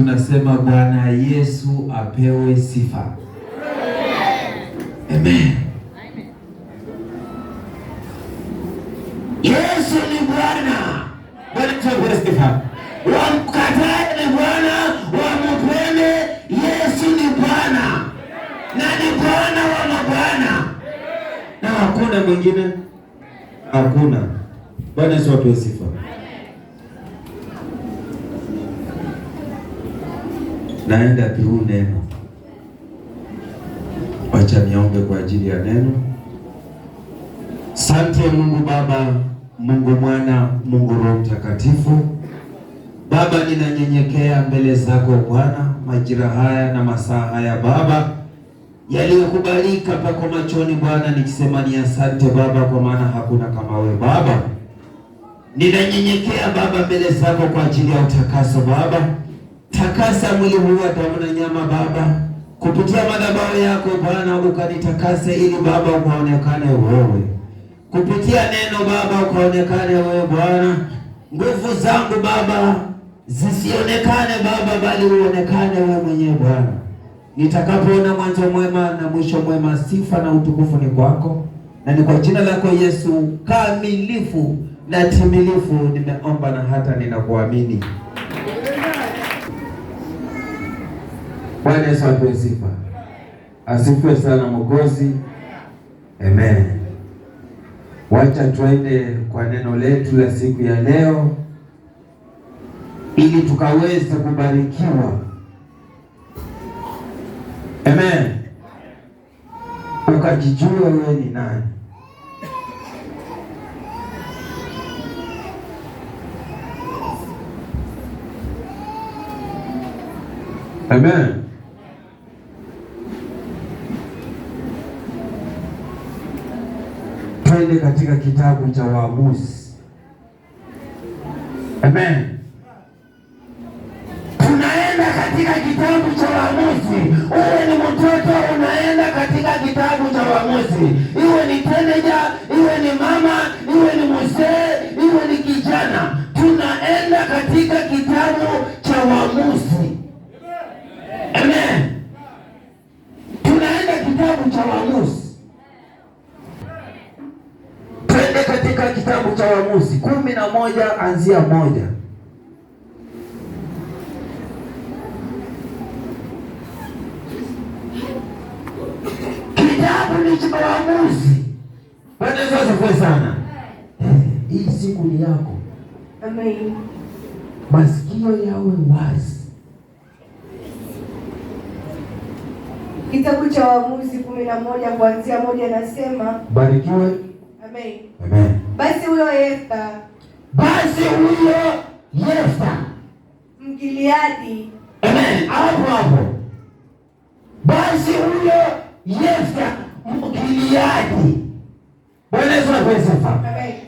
tunasema Bwana Yesu apewe sifa. Amen. Yesu ni Bwana. Bwana apewe sifa. Wamkatae ni Bwana, wampende Yesu ni Bwana. Na ni Bwana wa mabwana. Na hakuna mwingine. Hakuna. Bwana Yesu apewe sifa. Amen. naenda tu neno. Wacha niombe kwa ajili ya neno. Sante Mungu Baba, Mungu Mwana, Mungu Roho Mtakatifu. Baba, ninanyenyekea mbele zako Bwana, majira haya na masaa haya Baba yaliyokubalika pako machoni Bwana, nikisema ni asante Baba, kwa maana hakuna kama wewe Baba. Ninanyenyekea Baba mbele zako kwa ajili ya utakaso Baba takasa mwili huu damu na nyama, Baba, kupitia madhabahu yako Bwana, ukanitakase ili Baba ukaonekane wewe, kupitia neno Baba ukaonekane wewe Bwana. Nguvu zangu Baba zisionekane Baba, bali uonekane wewe mwenyewe Bwana. Nitakapoona mwanzo mwema na mwisho mwema, sifa na utukufu ni kwako, na ni kwa jina lako Yesu kamilifu na timilifu nimeomba na hata ninakuamini. Bwana Yesu apewe sifa, asifiwe sana Mwokozi. Amen. Wacha tuende kwa neno letu la siku ya leo ili tukaweze kubarikiwa. Amen. Ukajijua wewe ni nani? Amen. twende katika kitabu cha Waamuzi. Amen, tunaenda katika kitabu cha Waamuzi. Uwe ni mtoto, unaenda katika kitabu cha Waamuzi, iwe ni teneja, iwe ni mama, iwe ni mzee, iwe ni kijana, tunaenda katika kitabu cha Waamuzi. Amen, tunaenda kitabu cha Waamuzi. katika kitabu cha Waamuzi kumi na moja anzia moja. Kitabu ni cha Waamuzi. Bwana Yesu asifiwe sana. Hii siku ni yako. Amen. Masikio yawe wazi. Kitabu cha Waamuzi kumi na moja kuanzia moja nasema, barikiwe. Amen. Amen. Basi huyo Yefta, basi huyo Yefta Mgiliadi, amen, hapo hapo. Basi huyo Yefta Mgiliadi, Bwana Yesu asifiwe.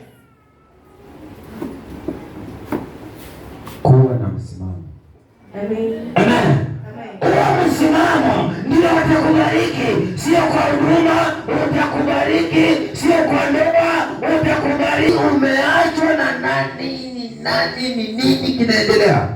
nani ni nini kinaendelea.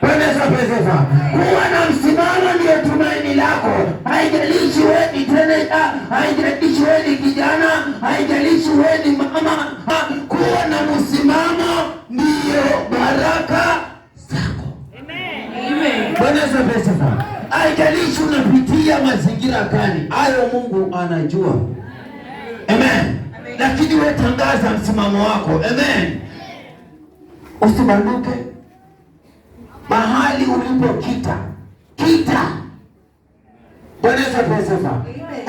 Bwanazapezeza kuwa na msimamo, ndio tumaini lako. Haijalishi wewe ni teenager, haijalishi wewe ni kijana, haijalishi wewe ni mama, ha, kuwa na msimamo ndiyo baraka zako. Bwanazapezeza haijalishi unapitia mazingira gani, hayo Mungu anajua. Amen, amen. Lakini wewe tangaza msimamo wako. Amen. Amen usibanduke mahali ulipo kita. kita Yesu asifiwe.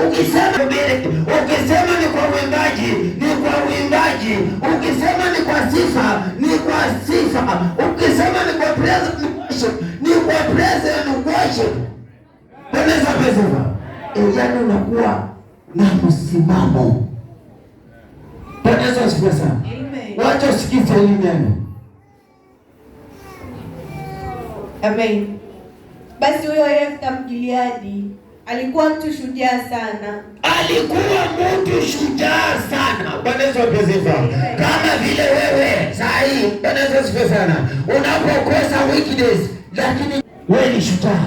Ukisema mbele, ukisema ni kwa uimbaji, ni kwa uimbaji, ukisema ni kwa sifa, ni kwa sifa, ukisema ni kwa praise and worship, ni kwa praise and worship. Bwana Yesu asifiwe. Eh, unakuwa na msimamo. Bwana Yesu asifiwe sana. Wacha usikize hili neno. Amen. Basi huyo Yefta Mgiliadi alikuwa mtu shujaa sana, alikuwa mtu shujaa sana. Bwana Yesu asifiwe. Kama vile wewe saa hii, Bwana Yesu asifiwe sana, unapokosa weakness, lakini wewe ni shujaa.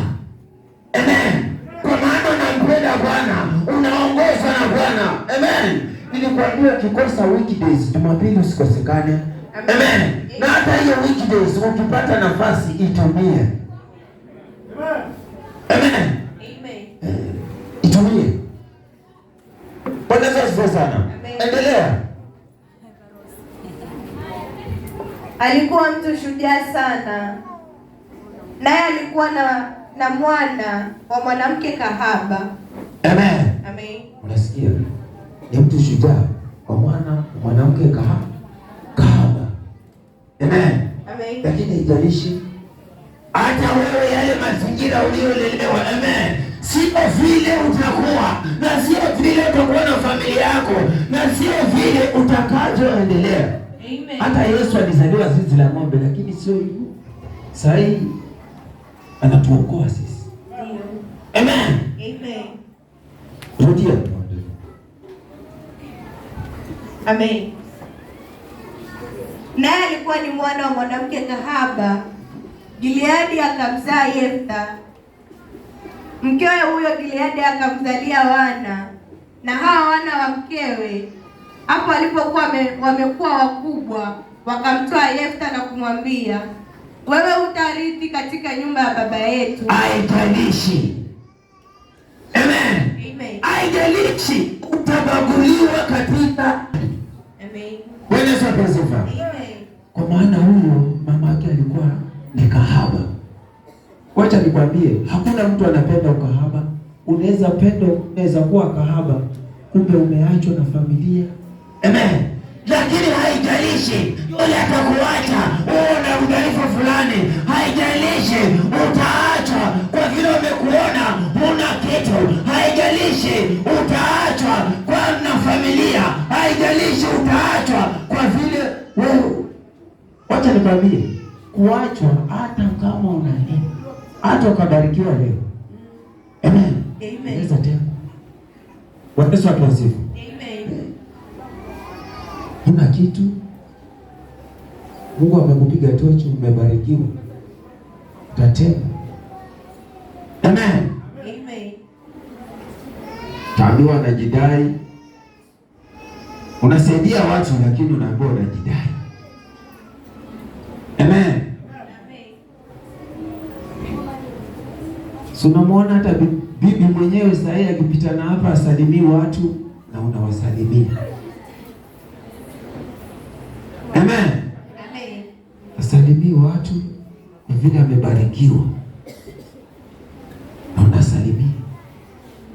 Amen. Kwa maana unampenda Bwana, unaongozwa na Bwana. Amen. Nilikwambia ukikosa weekdays, Jumapili usikosekane. Amen na hata hiyo weekdays ukipata nafasi itumie. Amen. Eh, Amen. Itumie. Bwana asifiwe sana. Endelea. Alikuwa mtu shujaa sana, naye alikuwa na na mwana wa mwanamke kahaba. Amen. Amen. Unasikia? Ni mtu shujaa kwa mwana mwanamke kahaba itarishi hata wewe, yale mazingira uliolelewa. Amen. Sio vile utakuwa na sio vile utakuwa na familia yako na sio vile utakavyoendelea. Hata Yesu alizaliwa zizi la ng'ombe, lakini sio hivyo. Saa hii anatuokoa sisi. Amen. Amen. Amen naye alikuwa ni mwana wa mwanamke kahaba. Gileadi akamzaa yefta Mkewe huyo Gileadi akamzalia wana, na hawa wana wa mkewe hapo alipokuwa wamekuwa wakubwa, wakamtoa yefta na kumwambia, wewe utarithi katika nyumba ya baba yetu. Haijalishi, amen, haijalishi utabaguliwa katika, amen. Kwa maana huyo mama yake alikuwa ni kahaba. Wacha nikwambie, hakuna mtu anapenda ukahaba. Unaweza penda, unaweza kuwa kahaba, kumbe umeachwa na familia. Amen. Lakini haijalishi yule atakuacha, una udhaifu fulani, haijalishi utaachwa kwa vile umekuona huna kitu, haijalishi utaachwa kwa na familia, haijalishi utaachwa kwa vile wewe Wacha nikwambie, kuachwa hata kama una hata ukabarikiwa leo. Amen. Amen. Naweza tena. Wapesa watu wasifu. Amen. Kuna kitu Mungu amekupiga tochi, umebarikiwa. Tatema. Amen. Amen. Taambiwa anajidai. Unasaidia watu lakini unaambiwa unajidai. So unamwona hata bibi mwenyewe saa hii akipita na hapa asalimii watu na unawasalimia. Amen. Amen. Asalimii watu kwa vile amebarikiwa na unasalimia.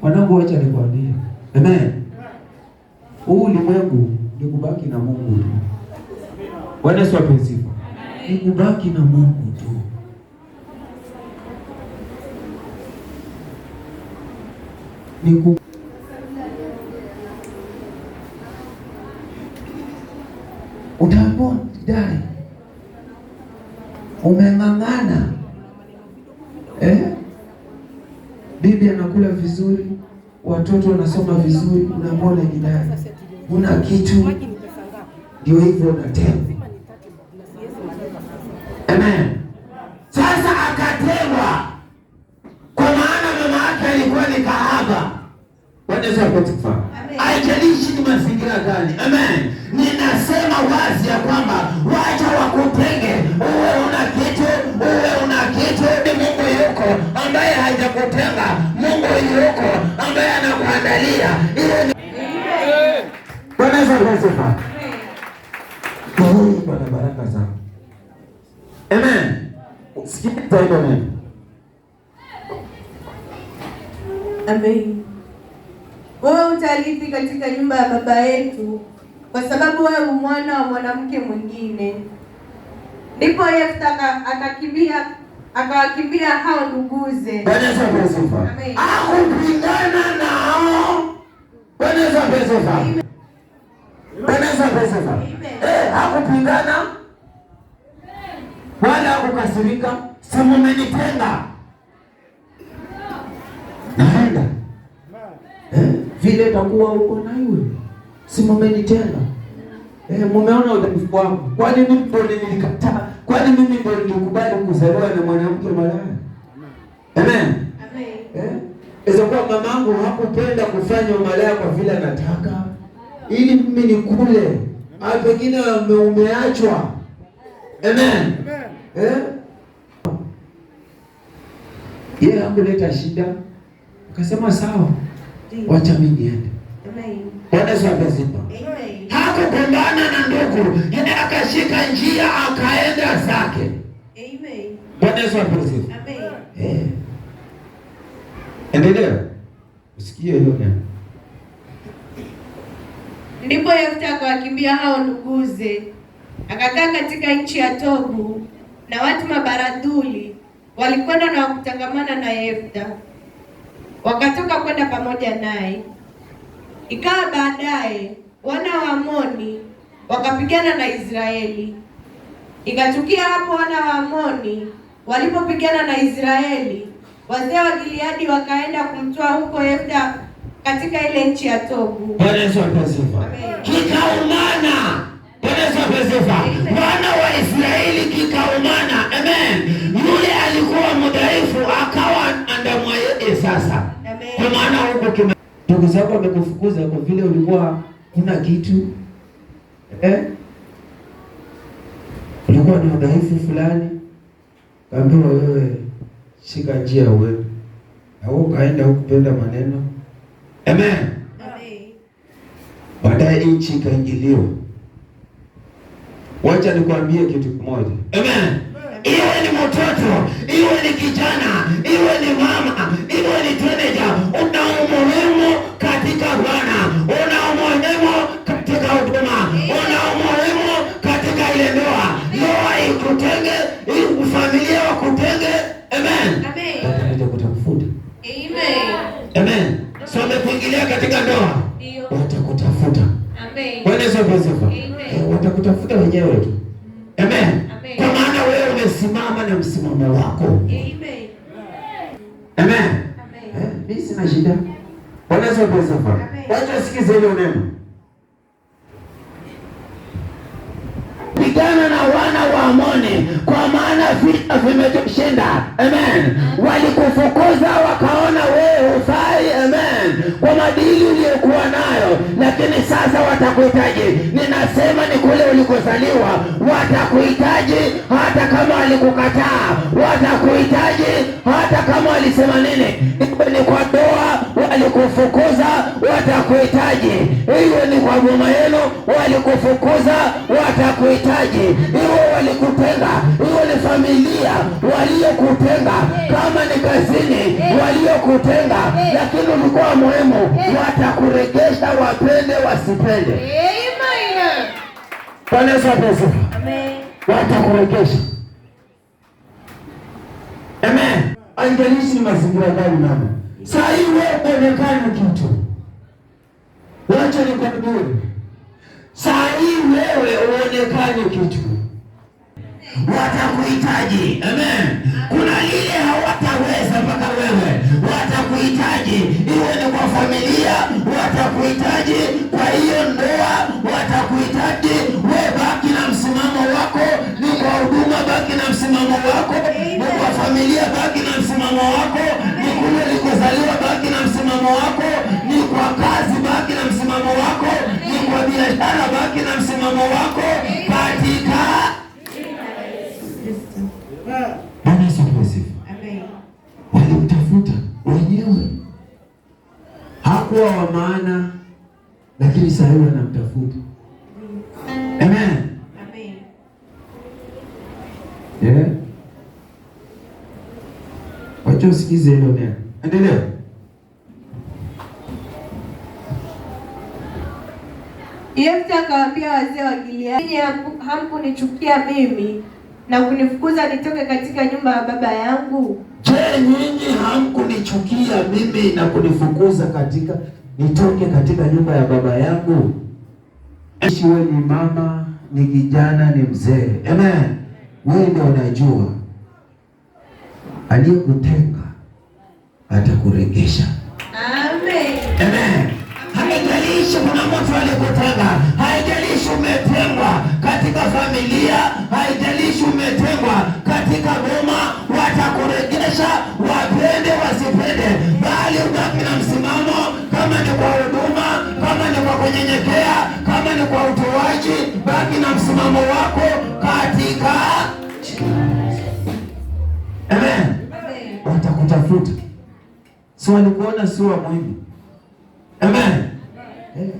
Wanangu, wacha nikwambie. Amen. Huu ulimwengu ni kubaki na Mungu tu. Bwana Yesu Ni kubaki na Mungu tu. ni ku umeng'ang'ana, eh? Bibi anakula vizuri, watoto wanasoma vizuri, unamwona kidari, una kitu, ndio hivyo unatea. Amen. unaangalia ile Bwana asifiwe. Amen. Bwana baraka sana. Amen. Sikiliza ile neno. Amen. Wewe utarithi katika nyumba ya baba yetu kwa sababu wewe umwana wa mwanamke mwingine. Ndipo Yefta akakimbia akawakimbia hao nduguze. Bwana Yesu apewe sifa. na hao. Bwana Yesu apewe sifa. Bwana Yesu apewe sifa. Eh, hakupingana wala hakukasirika. Si mmenitenga. Naenda. Eh, vile takuwa huko na yule. Si mmenitenga. Eh, mumeona udhaifu wangu. Kwani mimi ndio nilikataa? Kwani mimi ndio nilikubali kuzaliwa na mwanamke malaya. Amen. Eh? Eza kuwa Mamangu hakupenda kufanya umalaya kwa vile anataka ili mimi nikule, pengine umeachwa. Amen. Eh? Yeye hakuleta shida, akasema sawa, wacha mimi niende. Bwana Yesu amezipa. Hakugombana na ndugu, akashika njia akaenda zake. Bwana Yesu asifiwe. Amen. Eh. Endelea. Usikie hiyo neno. Ndipo Yefta akawakimbia hao nduguze, akakaa katika nchi ya Tobu, na watu mabaradhuli walikwenda na wakutangamana na Yefta, wakatoka kwenda pamoja naye. Ikawa baadaye wana wa Amoni wakapigana na Israeli. Ikatukia hapo wana wa Amoni walipopigana na Israeli, wazee wa Gileadi wakaenda kumtoa huko Yefta katika ile nchi ya Tobu. Bwana Yesu Kikaumana. Bwana Yesu asifiwe. Wana wa Israeli kikaumana. Amen. Yule alikuwa mdhaifu akawa yeye sasa. Amen. Kwa maana huko kime ndugu zako wamekufukuza kwa vile ulikuwa kuna kitu eh, ulikuwa ni udhaifu fulani Kaambiwa wewe shika njia wewe. Na wewe ukaenda hukupenda maneno. Amen. Amen. Baadaye nchi ikaingiliwa. Wacha nikwambie kitu kimoja. Amen. Iwe ni mtoto, iwe ni kijana, iwe ni mama, iwe ni teenager, una umuhimu katika Bwana. kuingilia katika ndoa, watakutafuta. Bwana Yesu asifiwe. Watakutafuta wenyewe tu. Amen. Kwa maana wewe umesimama na msimamo wako. Amen. Amen. Eh, mimi sina shida. Bwana Yesu asifiwe. Wacha sikize hilo neno. Pigana na wana wa Amoni kwa maana vita vimekushinda. Amen. Walikufukuza wakaona wewe hufai kwa madili uliyokuwa nayo, lakini sasa watakuhitaji. Ninasema ni kule ulikozaliwa, watakuhitaji hata kama walikukataa, watakuhitaji hata kama walisema nini, ni kwa doa walikufukuza watakuhitaji. Hiyo ni kwa boma yenu, walikufukuza watakuhitaji. Hiyo walikutenga, hiyo ni familia waliokutenga, kama ni kazini waliokutenga, lakini ulikuwa muhimu, watakuregesha wapende wasipende. Bwana Yesu asifiwe. Watakuregesha. Amen. Angalishi ni mazingira gani nao Saa hii wewe uonekani kitu, wacha ni Saa hii wewe uonekani kitu, watakuhitaji. Amen. Kuna lile hawataweza mpaka wewe, watakuhitaji, iwe ni kwa familia, watakuhitaji kwa hiyo ndoa, watakuhitaji. We baki na msimamo wako, ni kwa huduma baki na msimamo wako, ni kwa familia baki na msimamo wako umezaliwa, baki na msimamo wako. Ni kwa kazi, baki na msimamo wako. Ni kwa biashara, baki na msimamo wako katika Bwana Yesu Kristo. Walimtafuta wenyewe, hakuwa wa maana, lakini sasa anamtafuta. Amen. Yeah. Eh? Wacha usikize hilo neno. Endelea. Yefta akawaambia wazee wa Gileadi, hamkunichukia mimi na kunifukuza nitoke katika nyumba ya baba yangu? Je, nyinyi hamkunichukia mimi na kunifukuza katika nitoke katika nyumba ya baba yangu? Ishi wewe ni mama, ni kijana, ni mzee, amen. Wewe ndio unajua aliyekutenga atakuregesha. Amen. Haijalishi kuna mtu aliyekutenga, haijalishi umetengwa katika familia, haijalishi umetengwa katika boma, watakuregesha wapende wasipende, bali utaki na msimamo, kama ni kwa huduma, kama ni kwa kunyenyekea, kama ni kwa utoaji, baki na msimamo wako katika Amen. Watakutafuta so alikuona sio wa muhimu. Amen, Eh.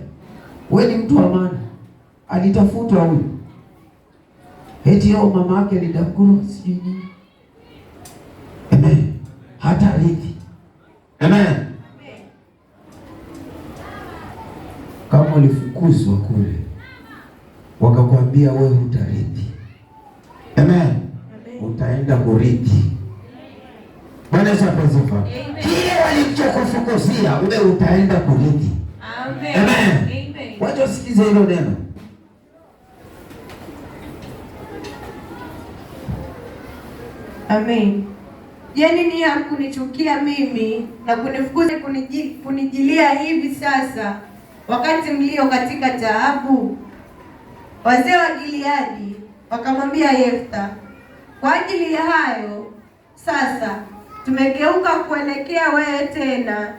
Wewe ni mtu wa maana, alitafutwa huyo eti yao mama yake alidakuru sijui. Amen, hata rithi. Amen, Kama ulifukuzwa kule wakakwambia wewe utarithi. Amen, Amen. Utaenda kurithi Bwana Yesu asifiwe. Kile walichokufukuzia wewe utaenda kurithi. Amen. Amen. Wacha usikize hilo neno. Amen. Je, yaani nini hakunichukia mimi na kunifukuza kunijilia hivi sasa wakati mlio katika taabu? Wazee wa Gileadi wakamwambia Yefta, kwa ajili ya hayo sasa tumegeuka kuelekea wewe tena,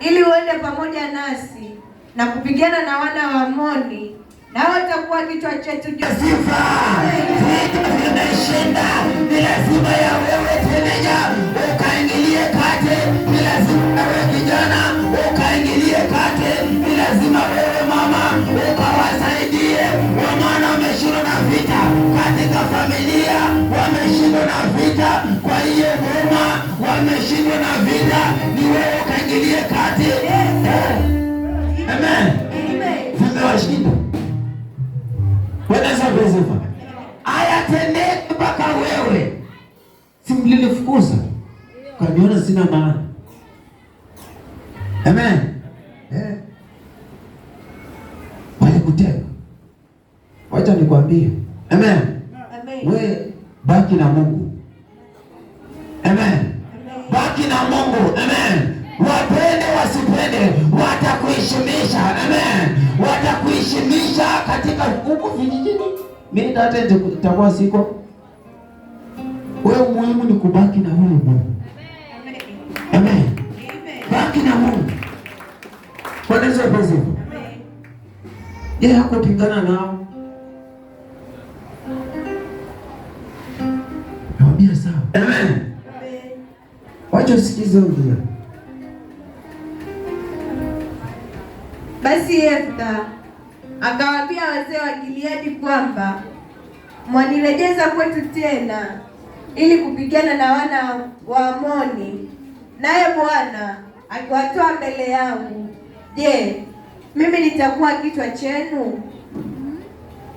ili uende pamoja nasi na kupigana na wana wa Amoni, nao watakuwa kichwa chetu juu. Sifa ni lazima ya wewe teneja ukaingilie kate, ni lazima wewe kijana ukaingilie kate, ni lazima wewe mama ukawasaidie wamana wameshindwa na vita katika familia wameshindwa na vita. Kwa hiyo Roma wameshindwa na vita, ni wewe kaingilie kati. Amen, zimewashinda wenezaveziva hayatendeki mpaka wewe simlilifukuza kaniona sina maana unapingana nao. Nawambia sawa. Amen. Wacha usikize ujio. Basi Yefta akawaambia wazee wa Gileadi kwamba mwanirejeza kwetu tena ili kupigana na wana wa Amoni, naye Bwana akiwatoa mbele yangu. Je, mimi nitakuwa kichwa chenu.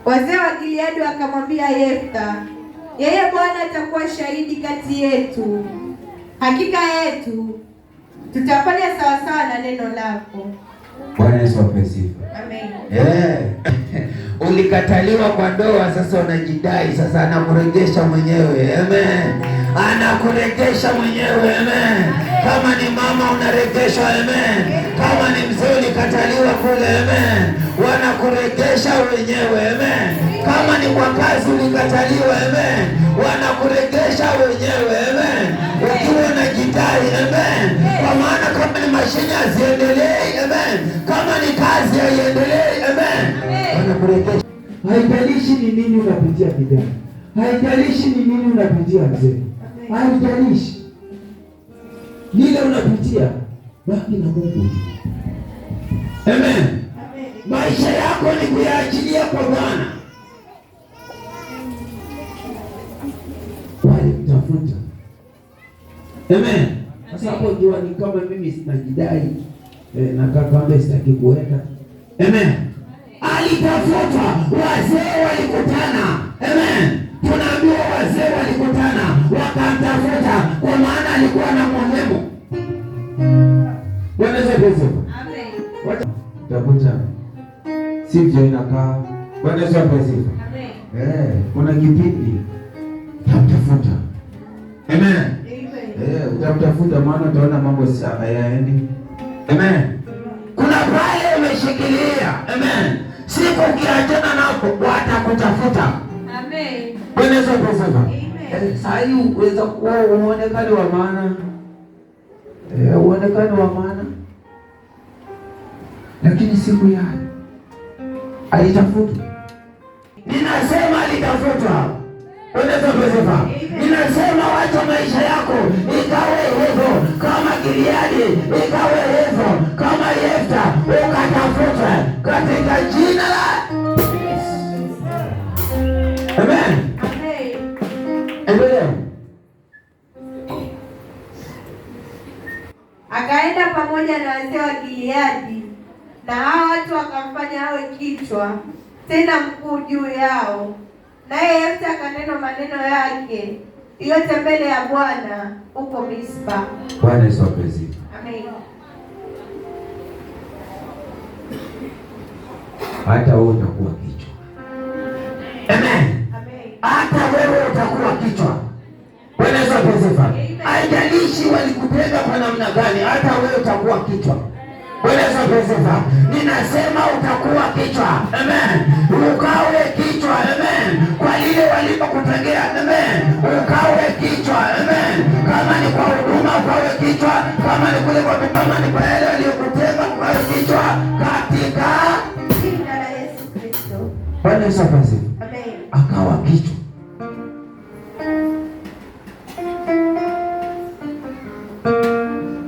Wazee wa Gileadi wakamwambia Yefta, yeye Bwana atakuwa shahidi kati yetu, hakika yetu tutafanya sawasawa na neno lako. Bwana Yesu asifiwe. Amen. Yeah. Ulikataliwa kwa ndoa, sasa unajidai, sasa anakurejesha mwenyewe. Amen. Anakurejesha mwenyewe. Amen. Kama ni mama unarejeshwa. Amen. Kama ni mzee watakataliwa kule, amen. Wanakuregesha wenyewe, amen. Kama ni kwa kazi ulikataliwa, amen, wanakuregesha wenyewe, amen, ukiwa na unajidai, amen, kwa maana kama ni mashine haziendelei, amen, kama ni kazi haiendelei, amen, wanakuregesha. Haijalishi ni nini unapitia kijana, haijalishi ni nini unapitia mzee, haijalishi lile unapitia, baki na Mungu. Amen. Maisha yako ni kuyaachilia kwa Bwana. Walimtafuta. Amen. Sasa hapo jua ni kama mimi sinajidai eh, na kakaambia sitaki kuweka. Amen. Alitafuta, wazee walikutana. Amen. Tunaambiwa wazee walikutana, wakamtafuta kwa maana alikuwa na muhimu sivyo inakaa. Bwana Yesu apewe sifa. Eh, kuna kipindi utamtafuta. Amen. Eh, utamtafuta maana utaona mambo sana yaendi. Amen. Kuna pale umeshikilia. Amen. Siku ukiachana nako watakutafuta. Amen. Bwana Yesu apewe sifa. Eh, saa hii uweza kuwa uonekane wa maana. Eh, uonekane wa maana. Lakini siku ya alitafutwa. Ninasema alitafutwa, enezaezeva. Ninasema wacha maisha yako ikawe hivyo, kama Gileadi ikawe hivyo maneno yake yote mbele ya Bwana huko Mispa. Bwana Yesu apezi. Amen. Hata wewe utakuwa kichwa. Amen. Hata wewe utakuwa kichwa. Bwana Yesu apezi. Haijalishi walikutenga kwa namna gani, hata wewe utakuwa kichwa. Bwana Yesu apezi. Ninasema utakuwa kichwa. Amen. Ukawe kichwa. Amen. Kwa kichwa, kama ni kule kwa kama ni kwa yale aliyokuteka kukale kichwa katika jina la Yesu Kristo. Bwana Yesu asifiwe. Amen. Akawa kichwa.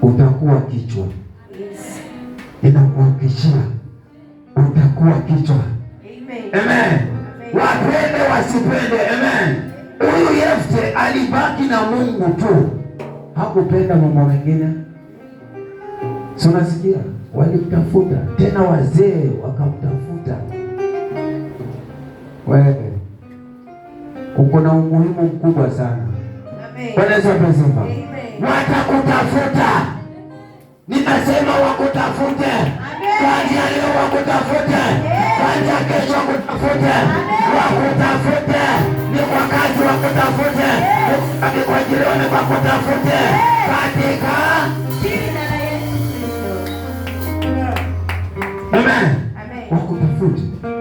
Utakuwa kichwa. Yes. Inakuhakikishia utakuwa kichwa. Amen. Amen. Wapende wasipende. Amen. Huyu Yefte alibaki na Mungu tu hawakupenda mama wengine, si unasikia? Walimtafuta tena, wazee wakamtafuta. Wewe uko na umuhimu mkubwa sana. Wanazopesema watakutafuta, ninasema wakutafute, kazi aliyo wakutafute wacha kesho kutafute, wakutafute ni kwa kazi, wakutafute ni kwa jirani, wakutafute katika wakutafute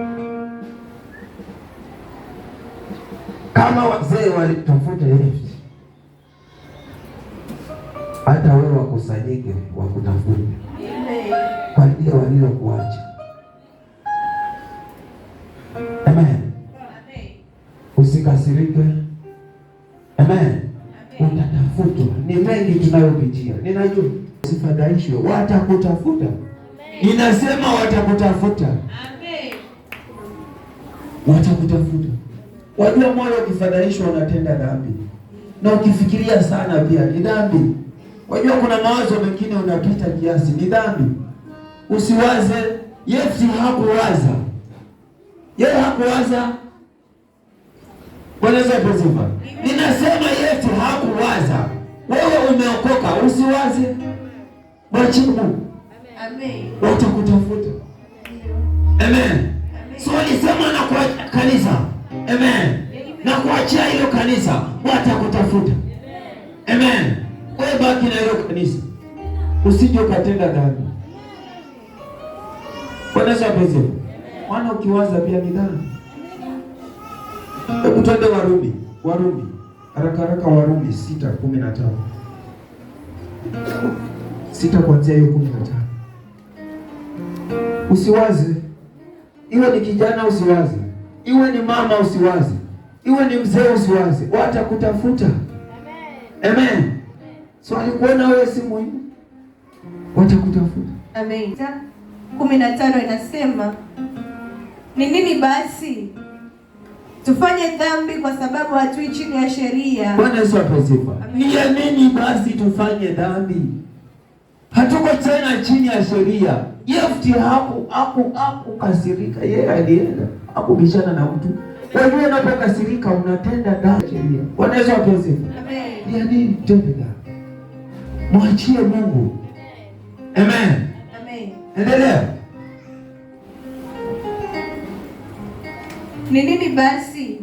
kama wazee walikutafuta Yeremia, hata wewe wakusanyike, wakutafute kwa lile walilokuacha unayopitia ninajua, usifadhaishwe, watakutafuta. Inasema watakutafuta, watakutafuta. Wajua, moyo ukifadhaishwa unatenda dhambi, na ukifikiria sana pia ni dhambi. Wajua, kuna mawazo mengine unapita kiasi, ni dhambi. Usiwaze. Yesu hakuwaza, yeye hakuwaza Bwana Yesu asifiwe. Ninasema Yesu hakuwaza wewe umeokoka, usiwaze, mwache Mungu, Amen. watakutafuta. Amen. So alisema na kwa kanisa Amen, na kuachia hilo kanisa, watakutafuta. Amen. Wewe baki na hilo kanisa, usije ukatenda dhambi. Bwana Wanazapeze maana ukiwaza pia ni dhambi. Hebu twende Warumi, Warumi haraka haraka, Warumi sita kumi na tano sita kuanzia hiyo kumi na tano Usiwaze, iwe ni kijana usiwaze, iwe ni mama usiwaze, iwe ni mzee usiwaze, watakutafuta. Amen, amen. So alikuona wewe si muhimu, watakutafuta. Amen. kumi na tano inasema ni nini basi tufanye dhambi kwa sababu hatui chini ya sheria. Bwana Yesu asifiwe. Ile nini basi tufanye dhambi, hatuko tena chini ya sheria. Yefti hapo hapo hapo kasirika, yeye alienda hakubishana na mtu. Wajua, unapokasirika unatenda dhambi. sheria. Bwana Yesu asifiwe. Amen. Niamini nini dhambi? Mwachie Mungu. Amen. Amen. Endelea. Ni nini basi?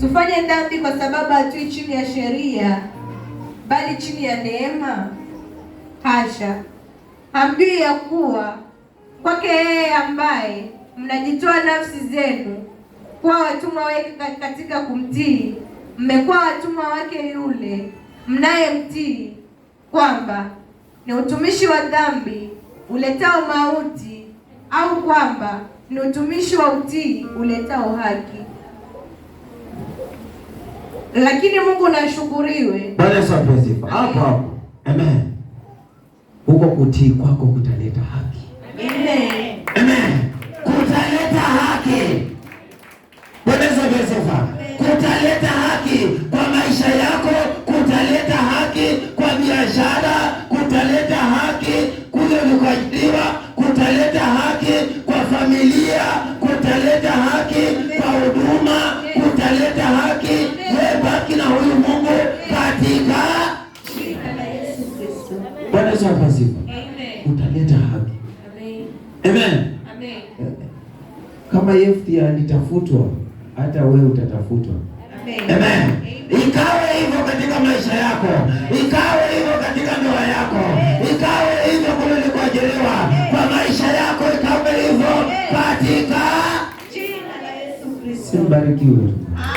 Tufanye dhambi kwa sababu hatui chini ya sheria, bali chini ya neema? Hasha! Hamjui ya kuwa kwake yeye ambaye mnajitoa nafsi zenu kuwa watumwa wake katika kumtii, mmekuwa watumwa wake yule mnayemtii, kwamba ni utumishi wa dhambi uletao mauti, au kwamba ni utumishi wa utii uletao haki. Lakini Mungu nashukuriwe. Bwana Yesu asifiwe. Hapo hapo. Amen. Huko kutii kwako kutaleta haki. Amen. Amen. Kutaleta haki. Bwana Yesu asifiwe. Kutaleta haki kwa maisha yako, kutaleta haki kwa biashara, kutaleta haki Kama Yefti alitafutwa, hata wewe utatafutwa. Amen. Ikawe hivyo katika maisha yako, ikawe hivyo katika ndoa yako, ikawe hivyo kule ulikoajiriwa, kwa maisha yako ikawe hivyo katika jina la Yesu Kristo. Mbarikiwe.